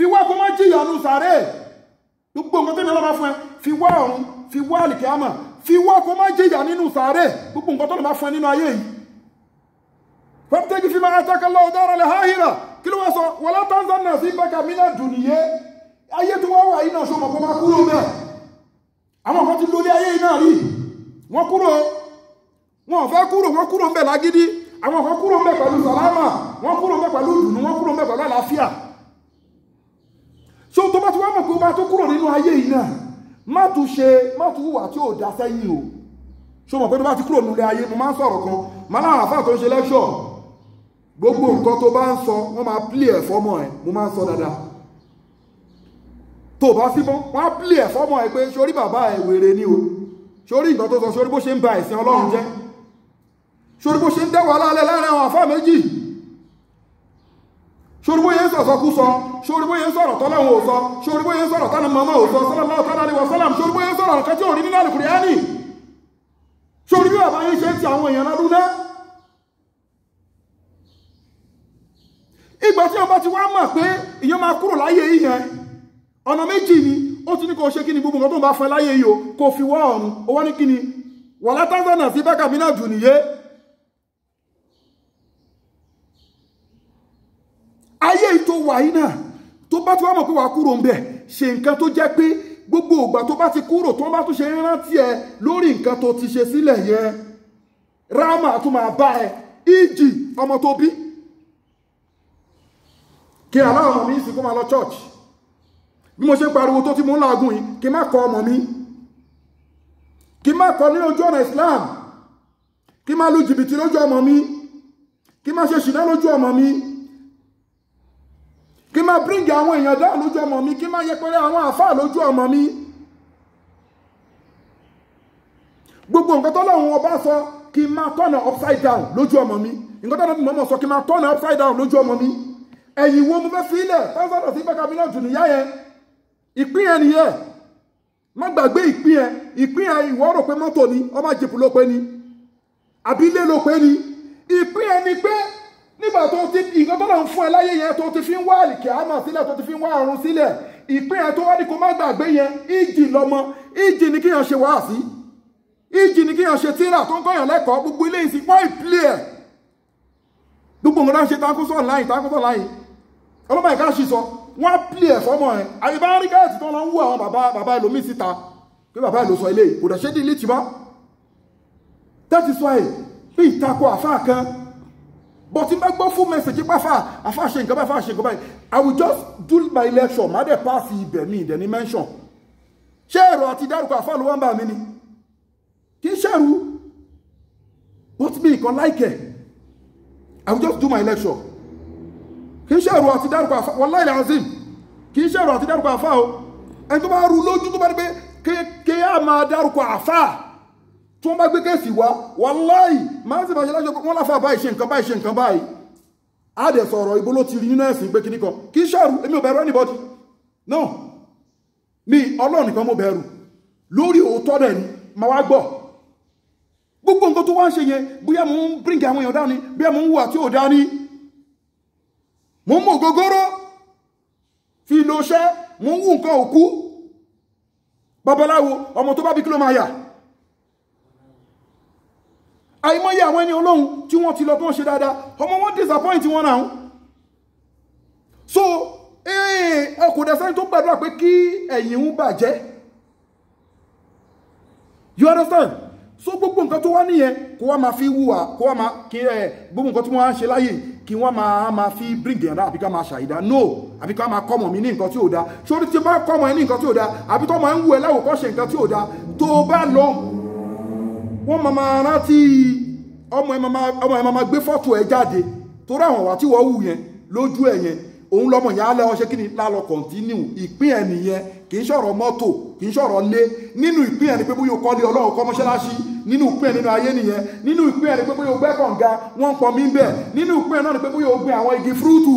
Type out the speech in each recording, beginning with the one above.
fi wá kó má jìyà nu sàárè gbogbo nǹkan tó ní ọlọ́ba fún ẹ fi wá ọ̀run fi wá àlìkẹ́ àmọ̀ fi wá kó má jìyà nínú sàárè gbogbo nǹkan tó lọ́ba fún ẹ nínú ayé yìí. fọ́pútẹ́kì fi máa tẹ́kẹ́ lọ́wọ́ dára lẹ́ háhìrà kí ló wá sọ wọlá tanzan náà sí bẹ́ẹ̀ kàmínà dùn nìyé ayé tí wọ́n wà yìí náà sọmọ kó má kúrò bẹ́ẹ̀ àwọn kan ti lórí ayé yìí náà rí wọ́n kúrò wọn ò fẹ́ kúrò wọ́n kúrò ń bẹ̀ lágídí àwọn kan kúrò ń bẹ̀ pẹ̀lú sàlámà wọ́n kúrò ń bẹ̀ pẹ̀lú ìdùnnú wọ́n kúrò ń bẹ̀ pẹ̀lú àlàáfíà pé ó bá tó kúrò nínú ayé yìí náà má tún ṣe má tún hùwà tí ò dá sẹ́yìn o ṣó mọ̀ pé tó bá ti kúrò nílé ayé mo máa ń sọ̀rọ̀ kan máa láwọn àfáà tó ń ṣe lẹ́ṣọ̀ gbogbo nǹkan tó bá ń sọ wọ́n máa plé ẹ̀ fọ́mọ ẹ̀ mo máa ń sọ dáadáa tó bá síbọ́n wọ́n á plé ẹ̀ fọ́mọ ẹ̀ pé sórí bàbá ẹ̀ wèrè ni o sórí nǹkan tó sọ sórí bó ṣe ń ba ẹ̀sìn Ọlọ́run jẹ́ sórí bó ṣe ń dẹ́wọ̀ alálẹ̀ àwọn àfáà méjì ṣorúbóyè ń sọ̀sọ́ kú sọ ṣorúbóyè ń sọ̀rọ̀ tọ́láwọn ò sọ ṣorúbóyè ń sọ̀rọ̀ tánà mọ́mọ́ ò sọ sallallahu ta'ala alaihi wa sallam ṣorúbóyè ń sọ̀rọ̀ nǹkan tí ò rí nínú Al-Qur'ani ṣorí bí bàbá yín ṣe ń ti àwọn èèyàn lọ́dún náà ìgbà tí ọba ti wá mọ̀ pé ìyẹn máa kúrò láyé ìyẹn ọ̀nà méjì ni ó ti ní kò ṣe kí gbogbo nǹkan tó ń bá fún láyé yìí kò fi wọ́ ọ̀run ó wá ní kí ni wàlátánzánà fi bákàmínà dùn nìyé èyí tó wà yìí náà tó bá ti wá mọ̀ pé wàá kúrò ń bẹ̀ ṣe nǹkan tó jẹ́ pé gbogbo ìgbà tó bá ti kúrò tó bá tún ṣe rántí ẹ lórí nǹkan tó ti ṣe sílẹ̀ yẹn ráàmà tún máa bá ẹ ìjì e ọmọ tó bí kí aláwọ̀ ọmọ mi sì kó máa lọ church bí mo ṣe pariwo tó ti mú làágùn yìí kí má kọ ọmọ mi kí má kọ ní ojú ọ̀nà Islam kí má lu jìbìtì lójú ọmọ mi kí má ṣe ṣìná lójú ọmọ mi kí máa bíríǹgì àwọn èèyàn dáà lójú ọmọ mi kí máa yẹpẹrẹ àwọn àáfàá lójú ọmọ mi gbogbo nǹkan tó lọ́wọ́ ọba sọ kí máa tọ́nà upside down lójú ọmọ mi nǹkan tó lọ́wọ́ mọ̀mọ́ sọ kí máa tọ́nà upside down lójú ọmọ mi ẹ̀yìn wo mo fẹ́ fi ilẹ̀ pásítọ̀ sí bẹ́ẹ̀ kábínà jù níyà yẹn ìpín yẹn nìyẹn má gbàgbé ìpín yẹn ìpín yẹn ìwọ rò pé mọ́tò ni ọmọ jìpù ló pé ni àbí ilé ló pé ni ìpín yẹn ni pé nígbà tó ti nǹkan tó lọ́n fún ẹ láyé yẹn tó ti fi ń wá àlìkẹ́ àmọ̀ sílẹ̀ tó ti fi ń wá ọ̀run sílẹ̀ ìpín yẹn tó wá ní kó má gbàgbé yẹn ìjì lọ́mọ ìjì ni kíyàn ṣe wáàsí ìjì ni kíyàn ṣe tíra tó ń kọ́yàn lẹ́kọ̀ọ́ gbogbo ilé ìsìn wọ́n ìpìlẹ̀ gbogbo nǹkan ṣe takoso online takoso online ọlọ́mọ ìka ṣì sọ wọ́n pìlẹ̀ fọ́mọ ẹ̀ àyíbá rí gáàsì tó lọ ń that is why bí ìtakò àfáà kan but tí n bá gbọ́ full message pàfà àfà ṣe nǹkan báyìí àfà ṣe nǹkan báyìí i will just do my lecture má dẹ̀ pass ibẹ̀ mi ìdẹ̀ ni mention ṣé èrò àti dárúkọ àfà ló wá ń bà mí ni kì í ṣẹ̀rù but mi nǹkan láìkẹ̀ i will just do my lecture kì í ṣẹ̀rù àti dárúkọ àfà wallahi Azim. kì í ṣẹ̀rù àti dárúkọ àfà o ẹni tó bá rú lójú tó bá rí pé kéèké á máa dárúkọ àfà tí wọ́n bá gbé kéèsì wá wàláì máa ń sì máa ṣe láṣọ wọn láfa báyìí ṣe nǹkan báyìí ṣe nǹkan báyìí á dẹ̀ sọ̀rọ̀ ibo ló ti rí nínú ẹ̀sìn pé kíní kan kì í ṣàrù èmi ò bẹ̀rù anybody no mi ọlọ́run nìkan mo bẹ̀rù lórí òótọ́ dẹ̀ ni màá wá gbọ́ gbogbo nǹkan tó wá ń ṣe yẹn bóyá mo ń bíríǹgì àwọn èèyàn dání bóyá mo ń wà tí ò dání mo ń mọ ògógóró fi lo iṣẹ́ mo ń wù nǹkan òkú babaláwo ọmọ tó bá bí kí ló máa yà àìmọye àwọn ẹni ọlọ́run tí wọ́n ti lọ tó ń ṣe dáadáa ọmọ wọn disappoint wọn náà so ẹ eh, kò dẹ̀ sẹ́ni tó gbàdúrà pé kí ẹ̀yìn ń bàjẹ́ you understand so gbogbo nǹkan tó wá nìyẹn kó wá máa fi wùwà kó wá máa kí ẹ eh, gbogbo nǹkan tí wọ́n á ṣe láyè kí wọ́n máa máa fi bring ẹ̀dá àbí máa ṣàìdá no àbí ká máa kọ́mọ̀ mi ní nǹkan tí ò da sórí tí bá kọ́mọ̀ ẹ ní nǹkan tí ò da àbí tọ́mọ̀ ẹ ń wù ẹ láwòkọ́ṣe nǹkan tí ò da tó o bá lọ wọ́n mama máa rántí ọmọ ẹ̀ máa máa gbé fọ́tò ẹ̀ jáde torí àwọn ọ̀wà tí wọ́n wù yẹn lójú ẹ̀ yẹn òun lọmọ ìyá alẹ́ ọṣẹ́ kí ni lálọ́ kọ̀ǹtínú ìpín ẹ̀ nìyẹn kì í sọ̀rọ̀ mọ́tò kì í sọ̀rọ̀ lé nínú ìpín ẹ̀ ni pé bóyá o kọ́lé ọlọ́run kọ́ mọ́ṣáláṣí nínú ìpín ẹ̀ nínú ayé nìyẹn nínú ìpín ẹ̀ ni pé bóyá o gbẹ́ kànga wọ́n ń pọn mí bẹ́ẹ̀ nínú ìpín ẹ̀ náà ni pé bóyá o gbin àwọn igi fúrúùtù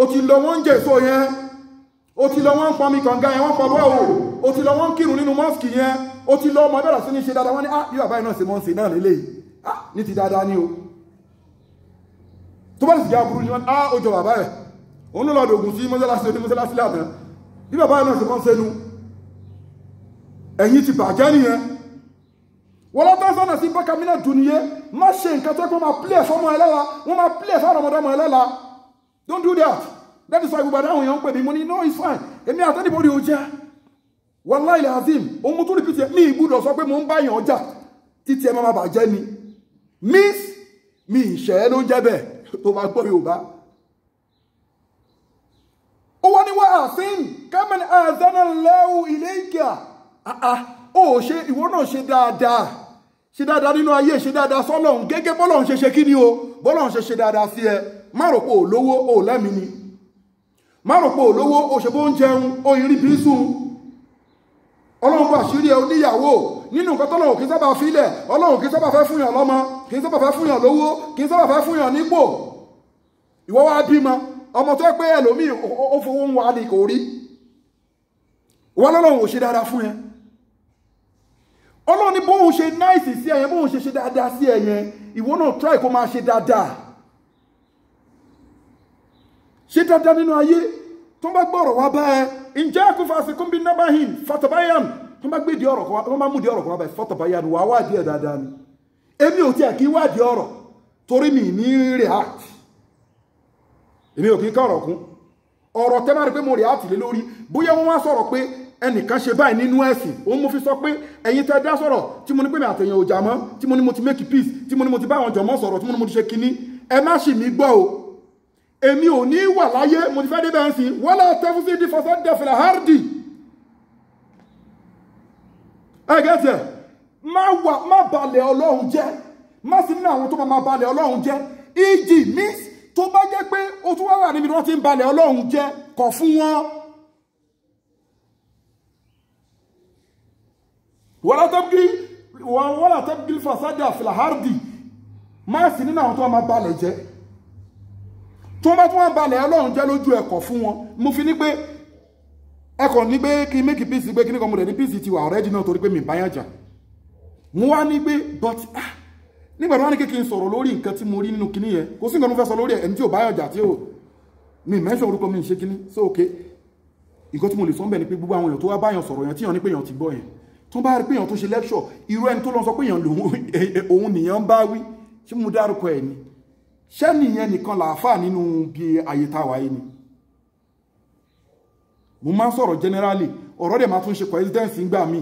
o lọ wọ́n ń jẹ èso yẹn o ti lọ wọ́n ń pọnmi kànga yẹn wọ́n pọnbọ́ o o ti lọ wọ́n ń kírun nínú mọ́sìkì yẹn o ti lọ ọmọ bẹ̀rẹ̀ sí ní ṣe dáadáa wọ́n ní ah bí bàbá yìí náà ṣe mọ́ ń ṣe náà lélẹ́yìí ah ní ti dáadáa ni o tó bá sì jẹ́ aburú ni wọ́n ah ó jọ bàbá rẹ̀ òun ló lọ dògùn sí mọ́sálásí oní mọ́sálásí láàbẹ̀ bí bàbá yẹn náà ṣe kọ́ ń sẹ́nu ẹ̀yìn ti bàjẹ́ nìyẹn wọ́n lọ́tọ́ sọ́nà sí bákan mí náà dùn nìyẹn má ṣe nǹkan tó kọ́ máa pílẹ̀ fọ́mọ ẹlẹ́la wọ́n máa pílẹ̀ fọ́mọ ọmọdé ẹlẹ́la don't do that that is why gbogbo àwọn èèyàn ń pè mí mo ní no it's fine èmi àti anybody ò jẹ́ wallahi azim òun mo repeat ẹ mi ìgbúdọ̀ sọ pé mo ń bá èèyàn jà títí ẹ má má bàjẹ́ ni miss mi ìṣẹ́ ló ń jẹ́ bẹ́ẹ̀ tó bá gbọ́ Yorùbá ó wá ní wá àfin kẹ́mẹ́ni àzánà lẹ́wù ilé ìkà ó ṣe ìwọ náà ṣe dáadáa ṣe dáadáa nínú ayé ṣe dáadáa sọ́lọ́hún gẹ́gẹ́ bọ́lọ́hún ṣe ṣe kí ni o bọ́lọ́hún ṣe ṣe dáadáa sí ẹ má rò pé ò lówó ni má rò pé olówó òṣèbó ń jẹun oyin bí sùn ọlọ́run bá àṣírí ẹ oníyàwó nínú nǹkan tọ́lọ́run kì í sábà filẹ̀ ọlọ́run kì í sábà fẹ́ fúnyàn lọ́mọ kì í sábà fẹ́ fúnyàn lówó kì í sábà fẹ́ fúnyàn nípò ìwọ wá bímọ ọmọ tó pé ẹlòmíì ó fowó ń wá ní kò rí wọ́n lọ́lọ́run ò ṣe dáadáa fún ẹ ọlọ́run ní bóun ṣe náìsì sí ẹyẹ bóun ṣe ṣe dáadáa sí ẹyẹ ìwọ náà try kó ṣé dáadáa nínú ayé tó ń bá gbọ́rọ̀ wá bá ẹ ǹjẹ́ àkófò àsìkò ń bí nábàáhìn fatabayan tó ń bá gbé di ọ̀rọ̀ kan wá wọ́n máa mú di ọ̀rọ̀ kan wá báyìí fatabayan wà á wádìí ẹ̀ dáadáa ni èmi ò tiẹ̀ kí wádìí ọ̀rọ̀ torí mi ní react èmi ò kí ká ọ̀rọ̀ kún ọ̀rọ̀ tẹ́ bá rí pé mo react lé lórí bóyá wọ́n wá sọ̀rọ̀ pé ẹnìkan ṣe báyìí nínú ẹ̀sìn òun èmi ò ní wà láyé mo ti fẹ́ dé bẹ́ẹ̀ sí wọ́lá tẹ́fúsí di fọ́sọ́ dẹ̀fẹ̀lẹ̀ hárdì ẹgẹ́tẹ̀ má wà má balẹ̀ ọlọ́run jẹ́ má sí nínú àwọn tó máa balẹ̀ ọlọ́run jẹ́ ìjì e mí tó bá jẹ́ pé o tún wá wà níbi tí wọ́n ti ń balẹ̀ ọlọ́run jẹ́ kọ̀ fún wọn. wọ́lá tẹ́fúsí wọ́lá tẹ́fúsí fọ́sọ́ dẹ̀fẹ̀lẹ̀ hárdì má sí nínú àwọn tó máa balẹ̀ jẹ́ tí wọ́n bá tún wọ́n balẹ̀ ọlọ́run jẹ́ lójú ẹ̀kọ́ fún wọn mo fi ní pé ẹ̀kọ́ ní pé kí n méjì píìsì pé kí ní kan mo rẹ̀ ní píìsì ti wà ọ̀rẹ́jì náà torí pé mi bá yàn jà mo wá ní pé but ah nígbà tí wọ́n ní kí n sọ̀rọ̀ lórí nǹkan tí mo rí nínú kinní yẹn kò sí nǹkan tó fẹ́ sọ lórí ẹni tí ò bá yàn jà tí ò mi mẹ́sàn orúkọ mi ń ṣe kinní so ok nǹkan tí mo lè sọ ń ni pé gbogbo àwọn èèyàn tó wá báyàn sọ̀rọ̀ yẹn tí yàn ní pé yàn ti gbọ́ yẹn tó bá rí pé yàn tó ṣe lecture irú ẹni tó ṣé nìyẹn nìkan làáfà nínú bí ayé táwa yìí ni mo máa ń sọ̀rọ̀ generally ọ̀rọ̀ dẹ̀ máa tún ṣe coincidence ń mí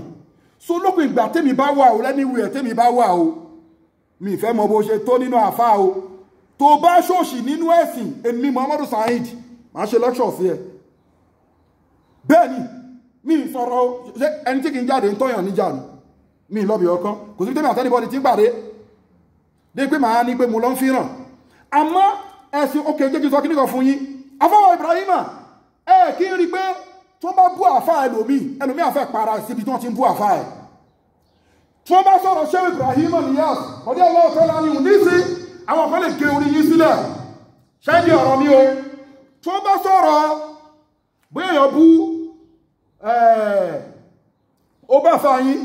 so lópin ìgbà tèmi bá wà o lẹ́niwì ẹ̀ tèmi bá wà o mi ìfẹ́ mọ bó ṣe tó nínú àáfà o tó bá ṣòṣì nínú ẹ̀sìn èmi Muhammadu Saheed máa ṣe lecture sí ẹ bẹ́ẹ̀ ni mi sọ̀rọ̀ ṣe ẹni tí kì í jáde ń tọ́yàn níjà mi lọ́bì ọkàn kò sí tèmi àtẹ́nibọ́dì tí ń gbàdé dé pé màá ní pé mo lọ́ ń fíràn àmọ́ ẹ̀sìn òkè jẹ́ kí n sọ kíníkan fún yín afọwọ́ Ibrahima ẹ kí n rí pé tó bá bú àfa ẹlòmíì ẹlòmíì àfẹ́ para síbi tí wọ́n ti ń bú àfa ẹ̀ tí wọ́n bá sọ̀rọ̀ ṣé Ibrahima Niyas ọdí ọlọ́wọ́ fẹ́ lánìí ní sí àwọn kan lè gé orí yín sílẹ̀ ṣẹ́ni ọ̀rọ̀ mi o tí wọ́n bá sọ̀rọ̀ bóyá èèyàn bú ó bá fa yín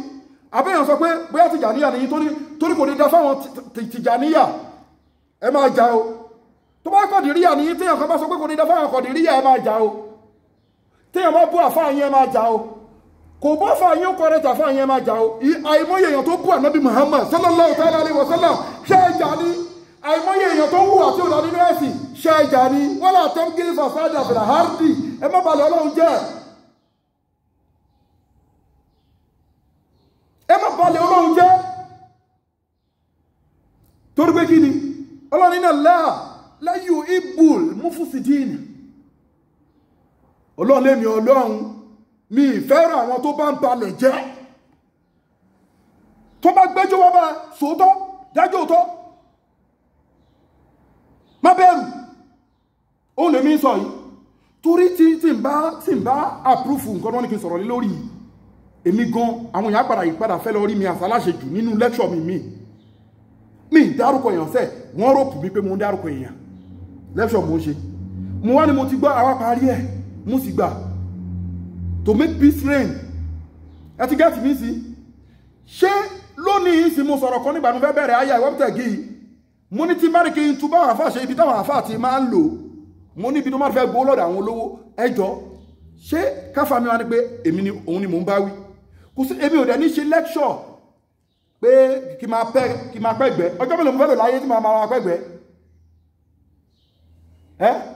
àbẹ́yàn sọ pé bóyá Tìjàníyà nìyí torí kò ní dá fáwọn Tìjàníyà ẹ máa jà o tó bá kọ̀dìríyà ní téèyàn kan bá sọ pé kò ní dá fáwọn kọ̀dìríyà ẹ máa jà o téèyàn bá bú àfáà yín ẹ máa jà o kò bọ́ fáà yín kọ́ rẹ̀ tàfáà yín ẹ máa jà o àìmọye èèyàn tó bú ànábì Muhammad sallallahu ta'ala alaihi wasallam ṣé ẹ jà ní àìmọye èèyàn tó wù àti òdà nínú ẹ̀sìn ṣe ẹ̀jà ni wọ́n là tẹ́ ń gé fàfádà fìlà hárdì ẹ má balẹ̀ ọlọ́run jẹ́ ẹ má balẹ̀ ọlọ́run jẹ́ torí pé kí ni ọlọ́run iná láà láyù ibùl mufusidin ọlọ́run lèmi ọlọ́run mi ìfẹ́ràn àwọn tó bá ń balẹ̀ jẹ́ tó bá gbẹ́jọ́ wá bá sòótọ́ dájọ́ òótọ́ má bẹ̀rù ó lèmi sọ yìí torí tí tí ń bá tí ń bá àpúrúfù nǹkan wọn ni kí n sọ̀rọ̀ lé lórí èmi gan àwọn èèyàn padà ìpadà fẹ́ lọ rí mi àṣà láṣejù nínú lẹ́kṣọ̀ mi míì mi ì dárúkọ èèyàn sẹ́ẹ̀ wọ́n ròpù mi pé mo ń dárúkọ èèyàn lẹ́fṣọ̀ mo ń ṣe mo wá ni mo ti gbọ́ àwa parí ẹ̀ mo sì gbà to make peace reign ẹ ti gẹ́ẹ̀tì mi sí ṣé lónìí sì mo sọ̀rọ̀ kan nígbà tó fẹ́ bẹ̀rẹ̀ ayé àìwọ́pútẹ̀ gí i mo ní tí márìkì ń tún báwọn àfáà ṣe ibi táwọn àfáà ti máa ń lò mo ní ibi tó máa fẹ́ gbó lọ́dọ̀ àwọn olówó ẹjọ́ ṣé káfà mi wá ní pé èmi ni òun ni mò ń bá wí kò sí èmi ò dẹ̀ ní ṣe lecture pé kí máa pẹ́ kí máa pẹ́ gbẹ́ ọjọ́ mélòó mo fẹ́ lò láyé tí màá máa pẹ́ gbẹ́ ẹ́